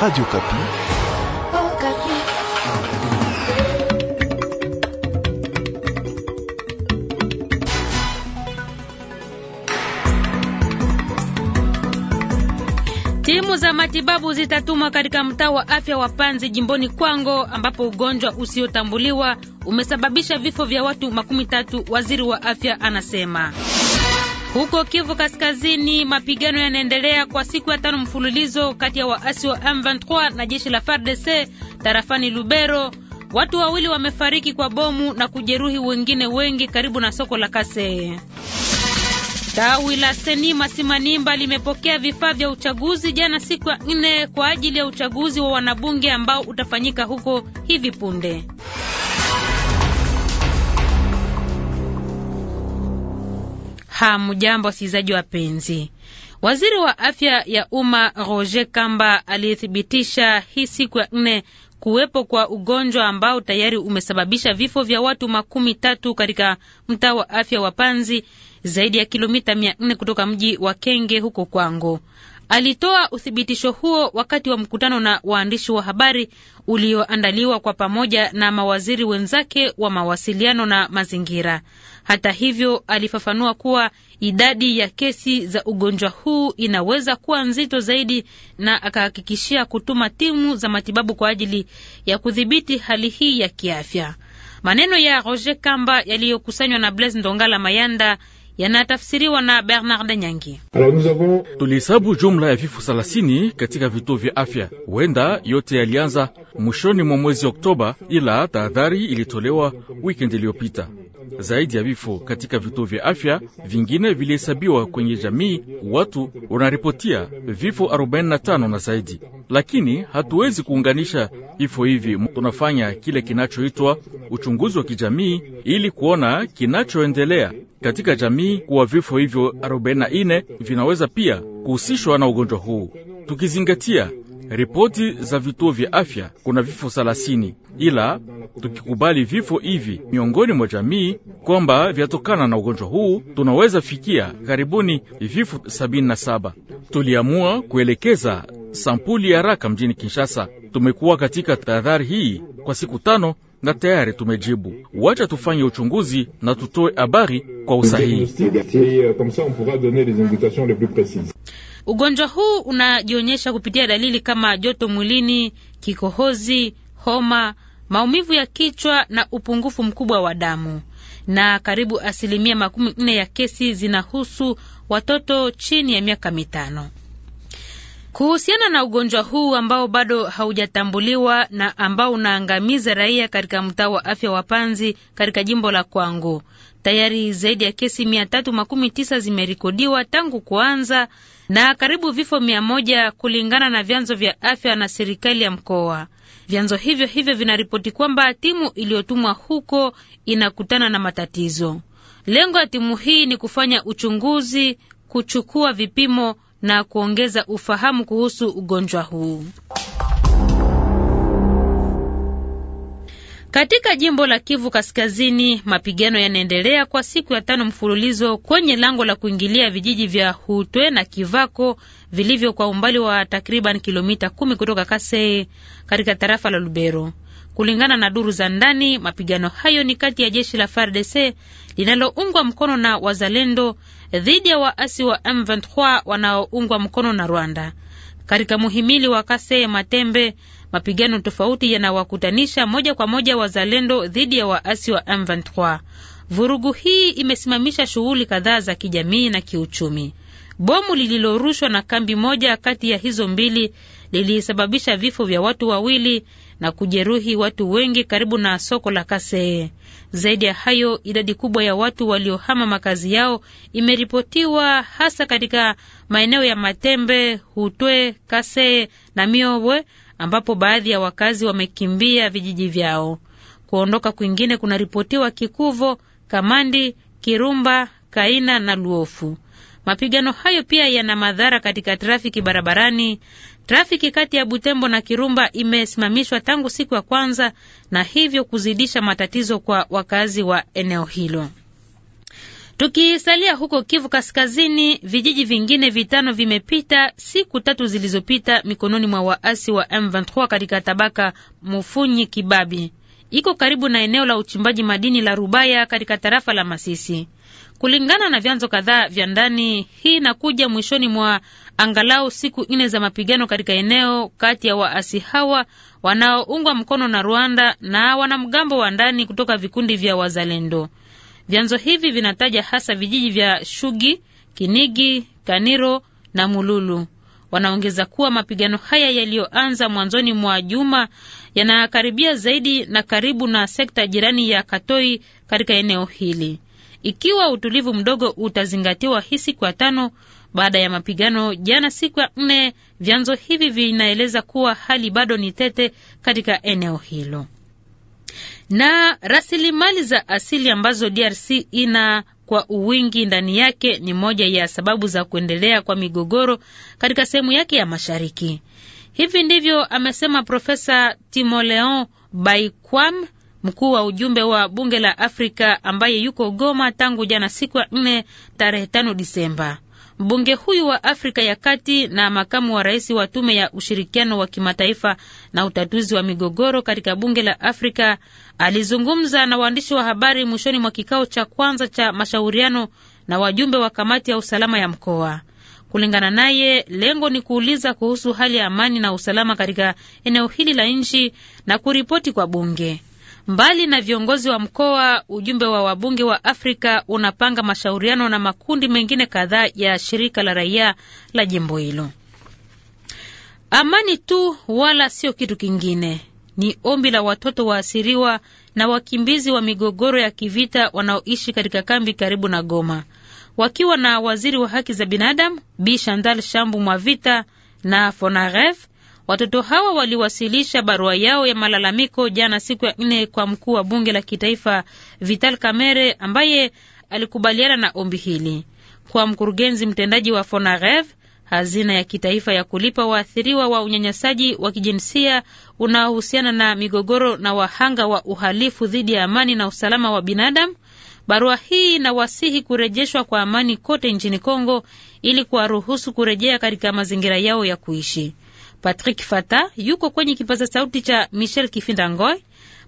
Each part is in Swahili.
Radio Kapi. Oh, Kapi. Timu za matibabu zitatumwa katika mtaa wa afya wa Panzi jimboni Kwango ambapo ugonjwa usiotambuliwa umesababisha vifo vya watu makumi tatu, waziri wa afya anasema. Huko Kivu Kaskazini, mapigano yanaendelea kwa siku ya tano mfululizo kati ya waasi wa M23 na jeshi la FARDC tarafani Lubero. Watu wawili wamefariki kwa bomu na kujeruhi wengine wengi karibu na soko la Kasee. Tawi la Senima Simanimba limepokea vifaa vya uchaguzi jana siku ya nne kwa ajili ya uchaguzi wa wanabunge ambao utafanyika huko hivi punde. Hamjambo wasikilizaji wapenzi. Waziri wa afya ya umma Roger Kamba alithibitisha hii siku ya nne kuwepo kwa ugonjwa ambao tayari umesababisha vifo vya watu makumi tatu katika mtaa wa afya wa Panzi, zaidi ya kilomita mia nne kutoka mji wa Kenge huko Kwango. Alitoa uthibitisho huo wakati wa mkutano na waandishi wa habari ulioandaliwa kwa pamoja na mawaziri wenzake wa mawasiliano na mazingira. Hata hivyo, alifafanua kuwa idadi ya kesi za ugonjwa huu inaweza kuwa nzito zaidi na akahakikishia kutuma timu za matibabu kwa ajili ya kudhibiti hali hii ya kiafya. Maneno ya Roger Kamba yaliyokusanywa na Blaise Ndongala Mayanda yanatafsiriwa na Bernard Nyangi. Tulihesabu jumla ya vifo 30 katika vituo vya afya. Huenda yote yalianza mwishoni mwa mwezi Oktoba, ila tahadhari ilitolewa wikendi iliyopita. Zaidi ya vifo katika vituo vya afya vingine vilihesabiwa kwenye jamii, watu wanaripotia vifo 45 na zaidi, lakini hatuwezi kuunganisha vifo hivi. Tunafanya kile kinachoitwa uchunguzi wa kijamii ili kuona kinachoendelea katika jamii, kuwa vifo hivyo 44 vinaweza pia kuhusishwa na ugonjwa huu tukizingatia ripoti za vituo vya afya kuna vifo 30, ila tukikubali vifo hivi miongoni mwa jamii kwamba vyatokana na ugonjwa huu tunaweza fikia karibuni vifo 77. Tuliamua kuelekeza sampuli ya haraka mjini Kinshasa. Tumekuwa katika tahadhari hii kwa siku tano na tayari tumejibu. Wacha tufanye uchunguzi na tutoe habari kwa usahihi. Ugonjwa huu unajionyesha kupitia dalili kama joto mwilini, kikohozi, homa, maumivu ya kichwa na upungufu mkubwa wa damu. Na karibu asilimia makumi nne ya kesi zinahusu watoto chini ya miaka mitano. Kuhusiana na ugonjwa huu ambao bado haujatambuliwa na ambao unaangamiza raia katika mtaa wa afya wa Panzi katika jimbo la Kwango, Tayari zaidi ya kesi mia tatu makumi tisa zimerekodiwa tangu kuanza na karibu vifo mia moja kulingana na vyanzo vya afya na serikali ya mkoa. Vyanzo hivyo hivyo vinaripoti kwamba timu iliyotumwa huko inakutana na matatizo. Lengo ya timu hii ni kufanya uchunguzi, kuchukua vipimo na kuongeza ufahamu kuhusu ugonjwa huu. Katika jimbo la Kivu Kaskazini, mapigano yanaendelea kwa siku ya tano mfululizo kwenye lango la kuingilia vijiji vya Hutwe na Kivako vilivyo kwa umbali wa takriban kilomita kumi kutoka Kasee katika tarafa la Lubero. Kulingana na duru za ndani, mapigano hayo ni kati ya jeshi la FARDC linaloungwa mkono na wazalendo dhidi ya waasi wa M23 wanaoungwa mkono na Rwanda katika muhimili wa Kasee Matembe. Mapigano tofauti yanawakutanisha moja kwa moja wazalendo dhidi ya waasi wa M23. Vurugu hii imesimamisha shughuli kadhaa za kijamii na kiuchumi. Bomu lililorushwa na kambi moja kati ya hizo mbili lilisababisha vifo vya watu wawili na kujeruhi watu wengi karibu na soko la Kasee. Zaidi ya hayo, idadi kubwa ya watu waliohama makazi yao imeripotiwa hasa katika maeneo ya Matembe, Hutwe, Kasee na Miowe ambapo baadhi ya wakazi wamekimbia vijiji vyao. Kuondoka kwingine kunaripotiwa Kikuvo, Kamandi, Kirumba, Kaina na Luofu. Mapigano hayo pia yana madhara katika trafiki barabarani. Trafiki kati ya Butembo na Kirumba imesimamishwa tangu siku ya kwanza na hivyo kuzidisha matatizo kwa wakazi wa eneo hilo. Tukisalia huko Kivu Kaskazini, vijiji vingine vitano vimepita siku tatu zilizopita mikononi mwa waasi wa M23 katika tabaka Mufunyi Kibabi, iko karibu na eneo la uchimbaji madini la Rubaya katika tarafa la Masisi. Kulingana na vyanzo kadhaa vya ndani, hii inakuja mwishoni mwa angalau siku nne za mapigano katika eneo kati ya waasi hawa wanaoungwa mkono na Rwanda na wanamgambo wa ndani kutoka vikundi vya wazalendo. Vyanzo hivi vinataja hasa vijiji vya Shugi, Kinigi, Kaniro na Mululu. Wanaongeza kuwa mapigano haya yaliyoanza mwanzoni mwa juma yanakaribia zaidi na karibu na sekta jirani ya Katoi katika eneo hili. Ikiwa utulivu mdogo utazingatiwa hii siku ya tano baada ya mapigano jana siku ya nne, vyanzo hivi vinaeleza kuwa hali bado ni tete katika eneo hilo na rasilimali za asili ambazo DRC ina kwa uwingi ndani yake ni moja ya sababu za kuendelea kwa migogoro katika sehemu yake ya mashariki. Hivi ndivyo amesema Profesa Timoleon Baikwam, mkuu wa ujumbe wa bunge la Afrika ambaye yuko Goma tangu jana siku ya nne tarehe tano Disemba. Mbunge huyu wa Afrika ya Kati na makamu wa rais wa tume ya ushirikiano wa kimataifa na utatuzi wa migogoro katika bunge la Afrika alizungumza na waandishi wa habari mwishoni mwa kikao cha kwanza cha mashauriano na wajumbe wa kamati ya usalama ya mkoa. Kulingana naye, lengo ni kuuliza kuhusu hali ya amani na usalama katika eneo hili la nchi na kuripoti kwa bunge. Mbali na viongozi wa mkoa, ujumbe wa wabunge wa Afrika unapanga mashauriano na makundi mengine kadhaa ya shirika la raia la jimbo hilo. Amani tu wala sio kitu kingine, ni ombi la watoto waasiriwa na wakimbizi wa migogoro ya kivita wanaoishi katika kambi karibu na Goma, wakiwa na waziri wa haki za binadamu Bi Chantal Shambu Mwavita na Fonaref Watoto hawa waliwasilisha barua yao ya malalamiko jana siku ya nne kwa mkuu wa bunge la kitaifa Vital Kamerhe ambaye alikubaliana na ombi hili. Kwa mkurugenzi mtendaji wa Fonarev, hazina ya kitaifa ya kulipa waathiriwa wa unyanyasaji wa kijinsia unaohusiana na migogoro na wahanga wa uhalifu dhidi ya amani na usalama wa binadamu, barua hii inawasihi kurejeshwa kwa amani kote nchini Kongo ili kuwaruhusu kurejea katika mazingira yao ya kuishi. Patrick Fata yuko kwenye kipaza sauti cha Michel Kifinda Ngoy.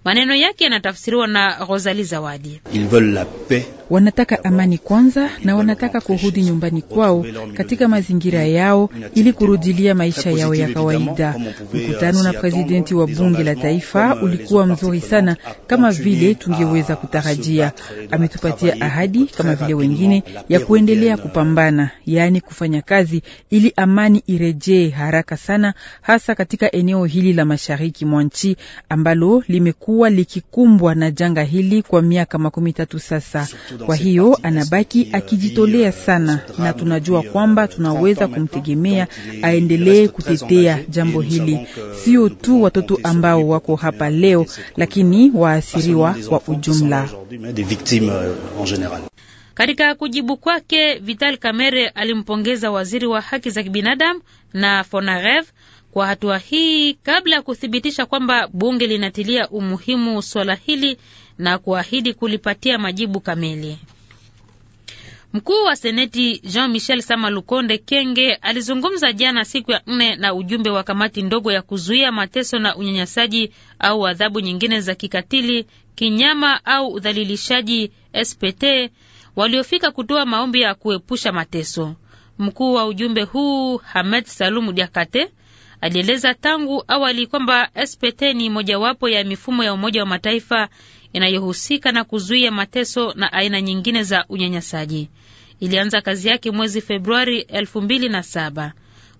Maneno yake yanatafsiriwa na Rosalie Zawadi. Ils veulent la paix Wanataka amani kwanza, na wanataka kurudi nyumbani kwao katika mazingira yao ili kurudilia maisha yao ya kawaida. Mkutano na presidenti wa bunge la taifa ulikuwa mzuri sana, kama vile tungeweza kutarajia. Ametupatia ahadi kama vile wengine ya kuendelea kupambana, yaani kufanya kazi ili amani irejee haraka sana, hasa katika eneo hili la mashariki mwa nchi ambalo limekuwa likikumbwa na janga hili kwa miaka makumi tatu sasa. Kwa hiyo anabaki euh, akijitolea sana, na tunajua euh, kwamba tunaweza kumtegemea aendelee kutetea jambo hili, sio tu watoto ambao wako hapa leo, lakini waasiriwa kwa ujumla. Euh, Katika kujibu kwake, Vital Kamerhe alimpongeza waziri wa haki za kibinadamu na Fonarev kwa hatua hii kabla ya kuthibitisha kwamba bunge linatilia umuhimu suala hili na kuahidi kulipatia majibu kamili. Mkuu wa Seneti Jean-Michel Sama Lukonde Kenge alizungumza jana siku ya nne na ujumbe wa kamati ndogo ya kuzuia mateso na unyanyasaji au adhabu nyingine za kikatili, kinyama au udhalilishaji SPT waliofika kutoa maombi ya kuepusha mateso. Mkuu wa ujumbe huu Hamed Salumu Diakate alieleza tangu awali kwamba SPT ni mojawapo ya mifumo ya Umoja wa Mataifa inayohusika na kuzuia mateso na aina nyingine za unyanyasaji. Ilianza kazi yake mwezi Februari elfu mbili na saba.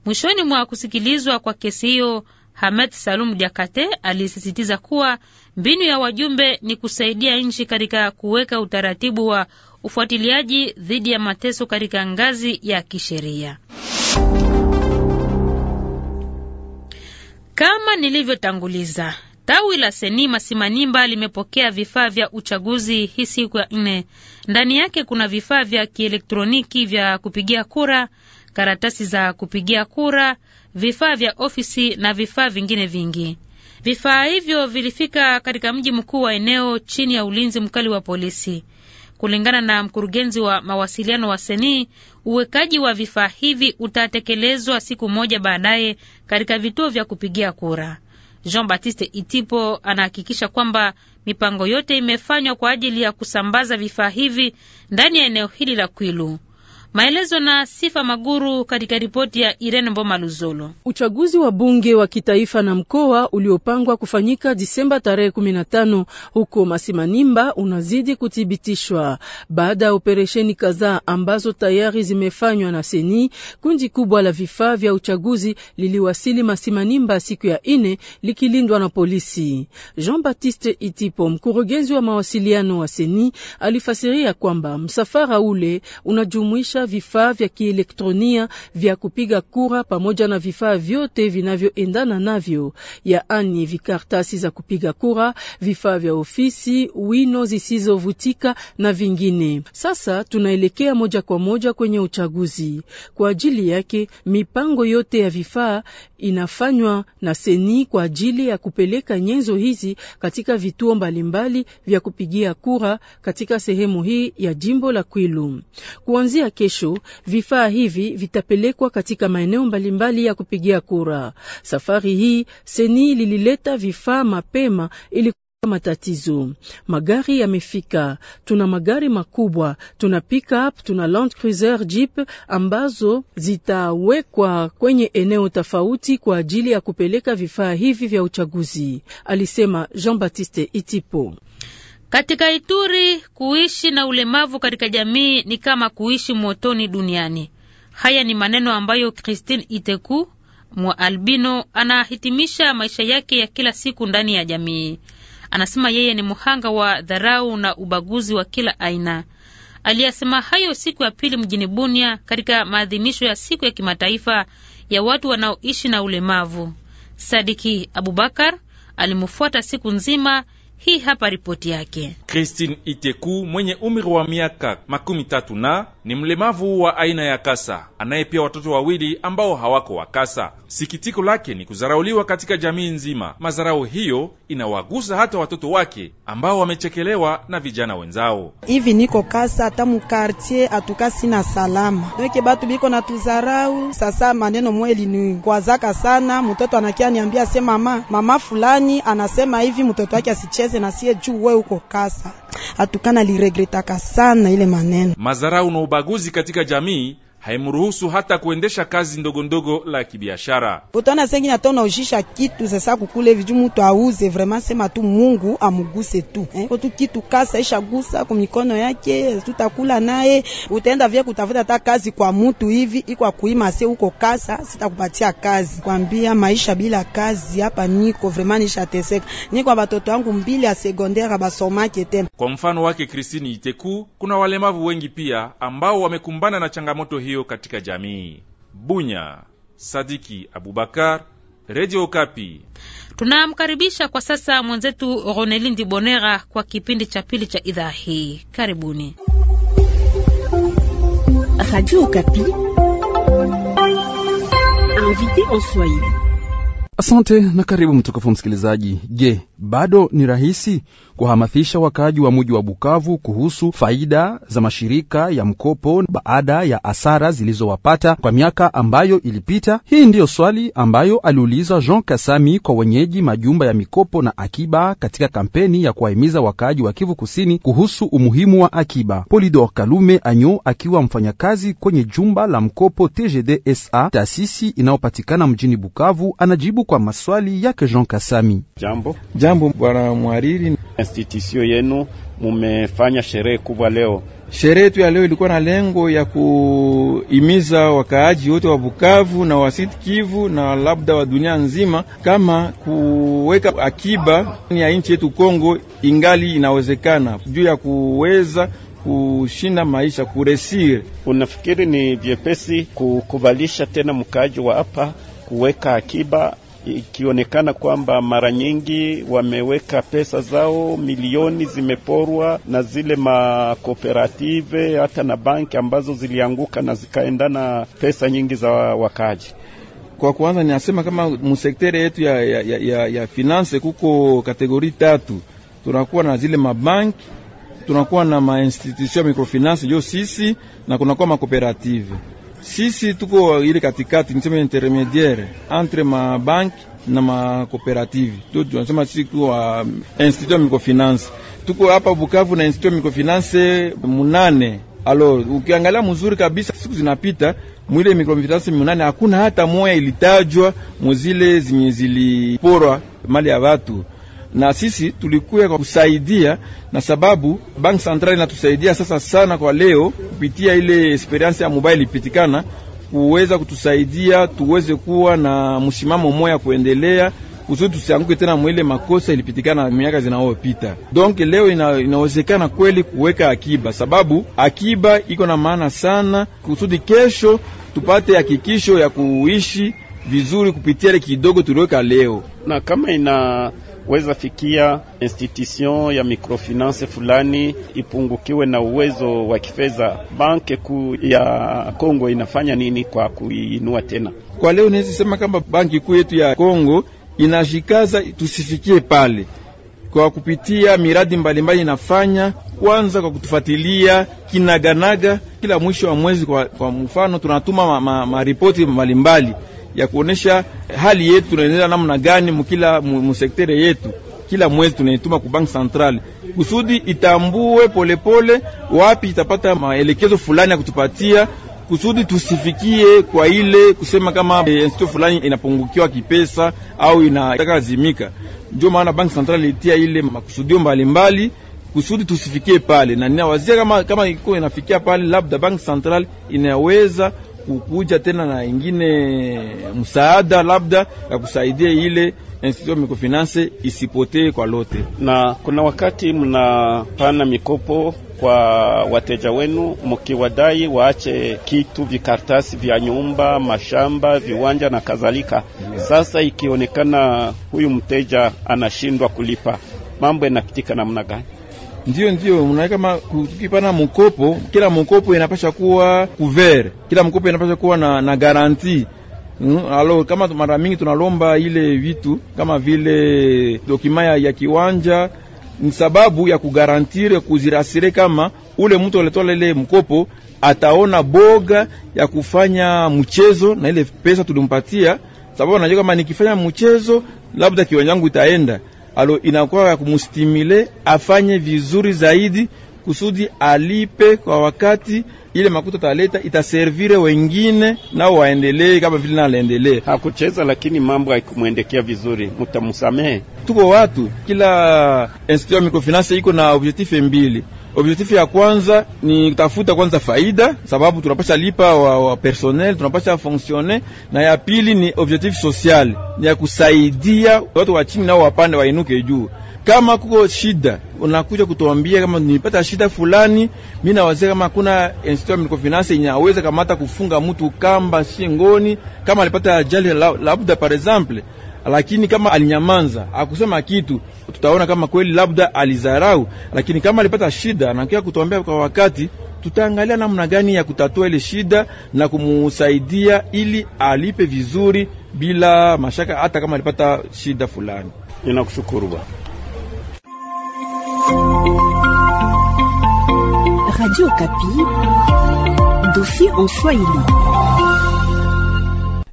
Mwishoni mwa kusikilizwa kwa kesi hiyo, Hamed Salum Diakate alisisitiza kuwa mbinu ya wajumbe ni kusaidia nchi katika kuweka utaratibu wa ufuatiliaji dhidi ya mateso katika ngazi ya kisheria. Kama nilivyotanguliza, Tawi la seni masimanimba limepokea vifaa vya uchaguzi hii siku ya nne. Ndani yake kuna vifaa vya kielektroniki vya kupigia kura, karatasi za kupigia kura, vifaa vya ofisi na vifaa vingine vingi. Vifaa hivyo vilifika katika mji mkuu wa eneo chini ya ulinzi mkali wa polisi. Kulingana na mkurugenzi wa mawasiliano wa Seni, uwekaji wa vifaa hivi utatekelezwa siku moja baadaye katika vituo vya kupigia kura. Jean-Baptiste Itipo anahakikisha kwamba mipango yote imefanywa kwa ajili ya kusambaza vifaa hivi ndani ya eneo hili la Kwilu. Maelezo na Sifa Maguru katika ripoti ya Irene Mboma Luzolo. Uchaguzi wa bunge wa kitaifa na mkoa uliopangwa kufanyika Disemba tarehe 15 huko Masimanimba unazidi kuthibitishwa baada ya operesheni kadhaa ambazo tayari zimefanywa na Seni. Kundi kubwa la vifaa vya uchaguzi liliwasili Masimanimba siku ya ine likilindwa na polisi. Jean Baptiste Itipo, mkurugenzi wa mawasiliano wa Seni, alifasiria kwamba msafara ule unajumuisha hata vifaa vya kielektronia vya kupiga kura pamoja na vifaa vyote vinavyoendana navyo, yaani vikartasi za kupiga kura, vifaa vya ofisi, wino zisizovutika na vingine. Sasa tunaelekea moja kwa moja kwenye uchaguzi. Kwa ajili yake mipango yote ya vifaa inafanywa na seni kwa ajili ya kupeleka nyenzo hizi katika vituo mbalimbali vya kupigia kura katika sehemu hii ya jimbo la Kwilu kuanzia kesho kesho, vifaa hivi vitapelekwa katika maeneo mbalimbali ya kupigia kura. Safari hii seni lilileta vifaa mapema ili matatizo. Magari yamefika, tuna magari makubwa, tuna pickup, tuna Land Cruiser, Jeep ambazo zitawekwa kwenye eneo tofauti kwa ajili ya kupeleka vifaa hivi vya uchaguzi, alisema Jean Baptiste Itipo. Katika Ituri, kuishi na ulemavu katika jamii ni kama kuishi motoni duniani. Haya ni maneno ambayo Christine Iteku mwa albino anahitimisha maisha yake ya kila siku ndani ya jamii. Anasema yeye ni mhanga wa dharau na ubaguzi wa kila aina. Aliyasema hayo siku ya pili mjini Bunia katika maadhimisho ya siku ya kimataifa ya watu wanaoishi na ulemavu. Sadiki Abubakar alimfuata siku nzima hii hapa ripoti yake. Christine Iteku mwenye umri wa miaka makumi tatu na ni mlemavu wa aina ya kasa anaye pia watoto wawili ambao hawako wa kasa. Sikitiko lake ni kuzarauliwa katika jamii nzima. Mazarau hiyo inawagusa hata watoto wake ambao wamechekelewa na vijana wenzao. Hivi niko kasa hata mukartie atuka sina salama doke batu biko na tuzarau. Sasa maneno mweli ni kwazaka sana, mtoto anakia niambia se mama mama fulani anasema hivi mtoto wake asicheze kaze na sie juu we uko kasa. atukana liregretaka sana ile maneno mazarau na ubaguzi katika jamii haimruhusu hata kuendesha kazi ndogo ndogo la kibiashara. Utaona na ataona ujisha kitu sasa kukule viju mutu auze vrema sema tu Mungu amuguse tu eh? kotu kitu kasa isha gusa kwa mikono yake, tutakula naye. Utaenda vya kutafuta ta kazi kwa mutu hivi ikwa kuima se uko kasa, sitakupatia kazi kwambia maisha bila kazi hapa niko nisha teseka niko watoto wangu mbili ya sekondaire basomake tena. Kwa mfano wake Christine Iteku, kuna walemavu wengi pia ambao wamekumbana na changamoto hii hiyo katika jamii. Bunya, Sadiki Abubakar, Radio Kapi. Tunamkaribisha kwa sasa mwenzetu Ronelindi Bonera kwa kipindi cha pili cha idhaa hii. Karibuni. Radio Kapi. Asante na karibu mtukufu msikilizaji. Je, bado ni rahisi kuhamasisha wakaaji wa muji wa Bukavu kuhusu faida za mashirika ya mkopo baada ya asara zilizowapata kwa miaka ambayo ilipita? Hii ndiyo swali ambayo aliuliza Jean Kasami kwa wenyeji majumba ya mikopo na akiba katika kampeni ya kuwahimiza wakaaji wa Kivu Kusini kuhusu umuhimu wa akiba. Polidor Kalume Anyo akiwa mfanyakazi kwenye jumba la mkopo tgdsa taasisi inayopatikana mjini Bukavu, anajibu kwa maswali yake Jean Kasami. Jambo. Jambo. Jambo bwana mwariri, Institution yenu mumefanya sherehe kubwa leo. Sherehe yetu ya leo ilikuwa na lengo ya kuhimiza wakaaji wote wa Bukavu na wasitikivu Kivu na labda wa dunia nzima, kama kuweka akiba ya nchi yetu Kongo ingali inawezekana, juu ya kuweza kushinda maisha kuresire. Unafikiri ni vyepesi kukubalisha tena mkaaji wa hapa kuweka akiba ikionekana kwamba mara nyingi wameweka pesa zao, milioni zimeporwa na zile makooperative hata na banki ambazo zilianguka na zikaendana pesa nyingi za wakaji. Kwa kwanza ninasema kama musektere yetu ya, ya, ya, ya, ya finance kuko kategori tatu, tunakuwa na zile mabanki tunakuwa na mainstitution ya microfinance yo sisi na kunakuwa makooperative sisi tuko ile katikati, nisema intermediaire entre ma mabanki na cooperative Ndio tunasema sisi tuko wa institut ya microfinance, tuko hapa Bukavu na institut ya microfinance munane. Alo, ukiangalia mzuri kabisa, siku zinapita mwile microfinance munane hakuna hata moya ilitajwa muzile zinye ziliporwa mali ya watu na sisi tulikuya kwa kusaidia, na sababu bank central inatusaidia sasa sana kwa leo kupitia ile experience ya mobile ilipitikana kuweza kutusaidia tuweze kuwa na msimamo moya kuendelea kusudi tusianguke tena mwile makosa ilipitikana miaka zinayopita. Donc leo ina, inawezekana kweli kuweka akiba, sababu akiba iko na maana sana kusudi kesho tupate hakikisho ya, ya kuishi vizuri kupitia ile kidogo tuliweka leo, na kama inaweza fikia institution ya microfinance fulani ipungukiwe na uwezo wa kifedha, banki kuu ya Kongo inafanya nini kwa kuinua tena? Kwa leo naweza sema kama banki kuu yetu ya Kongo inajikaza tusifikie pale kwa kupitia miradi mbalimbali inafanya kwanza kwa kutufuatilia kinaganaga kila mwisho wa mwezi. Kwa, kwa mfano tunatuma maripoti ma, ma mbalimbali ya kuonesha hali yetu tunaendelea namna gani mukila musektere yetu kila mwezi tunaituma ku bank central kusudi itambue polepole pole, wapi itapata maelekezo fulani ya kutupatia kusudi tusifikie kwa ile kusema kama e, fulani inapungukiwa kipesa au inataka zimika. Ndio maana bank central ilitia ile makusudio mbalimbali kusudi tusifikie pale, na ninawazia kama, kama iko inafikia pale, labda bank central inaweza kukuja tena na ingine msaada labda ya kusaidia ile institution microfinance isipotee kwa lote. Na kuna wakati mnapana mikopo kwa wateja wenu, mkiwadai waache kitu, vikartasi vya nyumba, mashamba, viwanja na kadhalika. Sasa ikionekana huyu mteja anashindwa kulipa, mambo yanapitika namna gani? Ndiyo, ndiyo unaweka kama tukipana mkopo, kila mkopo inapasha kuwa couvert, kila mkopo inapasha kuwa na, na garantie Mm, alo kama mara mingi tunalomba ile vitu kama vile dokima ya kiwanja ni sababu ya kugarantire kuzirasire kama ule mtu aletola ile mkopo ataona boga ya kufanya mchezo na ile pesa tulimpatia, sababu anajua kama nikifanya mchezo labda kiwanjangu itaenda alo inakuwa ya kumustimile afanye vizuri zaidi kusudi alipe kwa wakati. Ile makuta taleta itaservire wengine nao waendelee kama vile na Hakucheza lakini mambo haikumwendekea vizuri, mutamusamehe. Tuko watu, kila institut ya microfinance iko na objectif mbili Objektifu ya kwanza ni kutafuta kwanza faida, sababu tunapasha lipa wa, wa personnel tunapasha fonctionner, na ya pili ni objektifu social, ni ya kusaidia watu wa chini nao wapande wainuke juu. Kama kuko shida unakuja kutuambia, kama nipata shida fulani, mimi nawazia kama kuna institution ya microfinance inaweza kamata kufunga mtu kamba shingoni kama alipata ajali labda par exemple lakini kama alinyamanza akusema kitu, tutaona kama kweli labda alizarau. Lakini kama alipata shida na kia kutuambia kwa wakati, tutaangalia namna gani ya kutatua ile shida na kumusaidia ili alipe vizuri bila mashaka, hata kama alipata shida fulani. Ninakushukuru bwana. Radio Kapi, dossier en Swahili.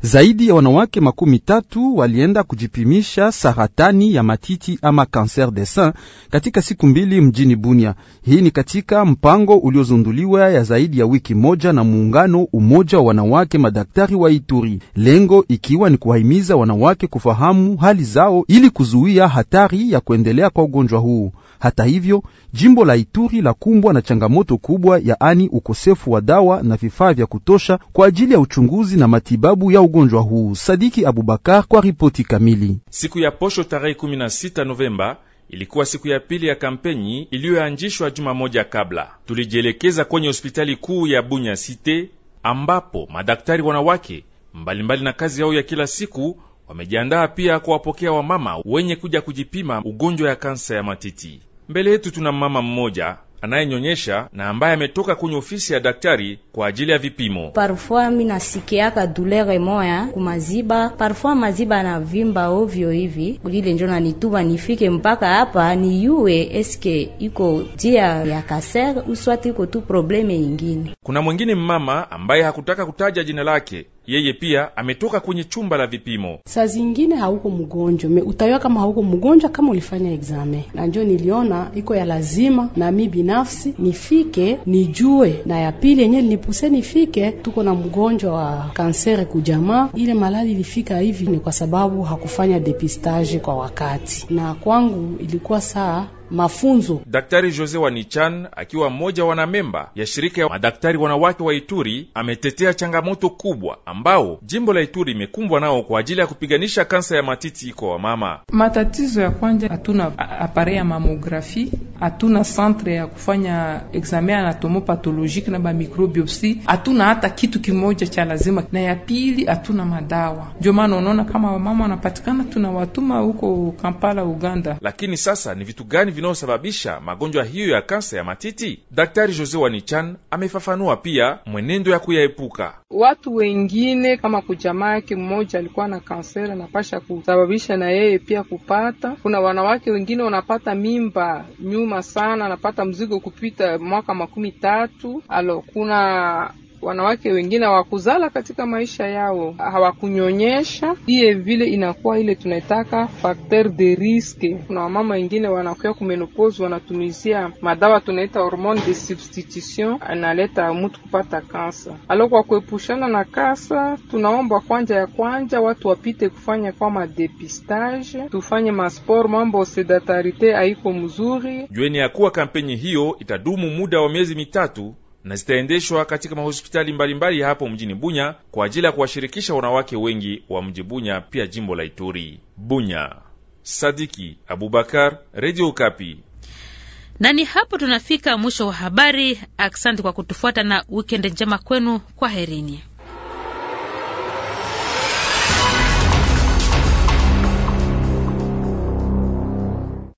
Zaidi ya wanawake makumi tatu walienda kujipimisha saratani ya matiti ama cancer de sein katika siku mbili mjini Bunia. Hii ni katika mpango uliozunduliwa ya zaidi ya wiki moja na muungano umoja wa wanawake madaktari wa Ituri, lengo ikiwa ni kuwahimiza wanawake kufahamu hali zao ili kuzuia hatari ya kuendelea kwa ugonjwa huu. Hata hivyo, jimbo la Ituri la kumbwa na changamoto kubwa, yaani ukosefu wa dawa na vifaa vya kutosha kwa ajili ya uchunguzi na matibabu ya ugonjwa huu. Sadiki Abubakar kwa ripoti kamili. Siku ya posho tarehe 16 Novemba ilikuwa siku ya pili ya kampeni iliyoanzishwa juma moja kabla. Tulijielekeza kwenye hospitali kuu ya Bunya Site ambapo madaktari wanawake mbalimbali mbali na kazi yao ya kila siku wamejiandaa pia kuwapokea wamama wenye kuja kujipima ugonjwa ya kansa ya matiti. Mbele yetu tuna mama mmoja anayenyonyesha na ambaye ametoka kwenye ofisi ya daktari kwa ajili ya vipimo. Parfois mi nasikiaka douleur moya kumaziba, parfois maziba na vimba ovyo hivi, lile njo nanituba nifike mpaka hapa niyue eske iko jia ya kaser uswati iko tu probleme ingine. Kuna mwingine mmama ambaye hakutaka kutaja jina lake yeye pia ametoka kwenye chumba la vipimo. Saa zingine hauko mgonjwa me utayua kama hauko mgonjwa kama ulifanya examen, na njo niliona iko ya lazima na mi binafsi nifike nijue, na ya pili yenyewe linipuse nifike, tuko na mgonjwa wa kansere kujamaa. Ile malali ilifika hivi ni kwa sababu hakufanya depistage kwa wakati, na kwangu ilikuwa saa mafunzo. Daktari Jose Wanichan akiwa mmoja wanamemba ya shirika ya madaktari wanawake wa Ituri ametetea changamoto kubwa ambao jimbo la Ituri imekumbwa nao kwa ajili ya kupiganisha kansa ya matiti kwa wamama. Matatizo ya kwanja hatuna apare ya mamografi, hatuna centre ya kufanya examen anatomopatologike na bamikrobiopsi, hatuna hata kitu kimoja cha lazima, na ya pili hatuna madawa. Ndio maana unaona kama wamama wanapatikana, tunawatuma huko Kampala, Uganda. Lakini sasa ni vitu gani vinavyosababisha magonjwa hiyo ya kansa ya matiti. Daktari Jose Wanichan amefafanua pia mwenendo ya kuyaepuka. Watu wengine kama kujamaake mmoja alikuwa na kansera anapasha kusababisha na yeye pia kupata. Kuna wanawake wengine wanapata mimba nyuma sana, anapata mzigo kupita mwaka makumi tatu. Alo, kuna wanawake wengine hawakuzala katika maisha yao, hawakunyonyesha. Iye vile inakuwa ile tunaitaka facteur de risque. Kuna wamama wengine wanakuwa kumenopozi wanatumizia madawa tunaita hormone de substitution, analeta mtu kupata kansa. Alo, kwa kuepushana na kansa, tunaomba kwanja ya kwanja watu wapite kufanya kwa madepistage, tufanye masport, mambo sedatarite haiko mzuri. Jueni ya kuwa kampeni hiyo itadumu muda wa miezi mitatu na zitaendeshwa katika mahospitali mbalimbali mbali hapo mjini Bunya kwa ajili ya kuwashirikisha wanawake wengi wa mji Bunya, pia jimbo la Ituri. Bunya, Sadiki Abubakar, Radio Kapi. Na ni hapo tunafika mwisho wa habari. Asante kwa kutufuata na wikendi njema kwenu, kwa herini.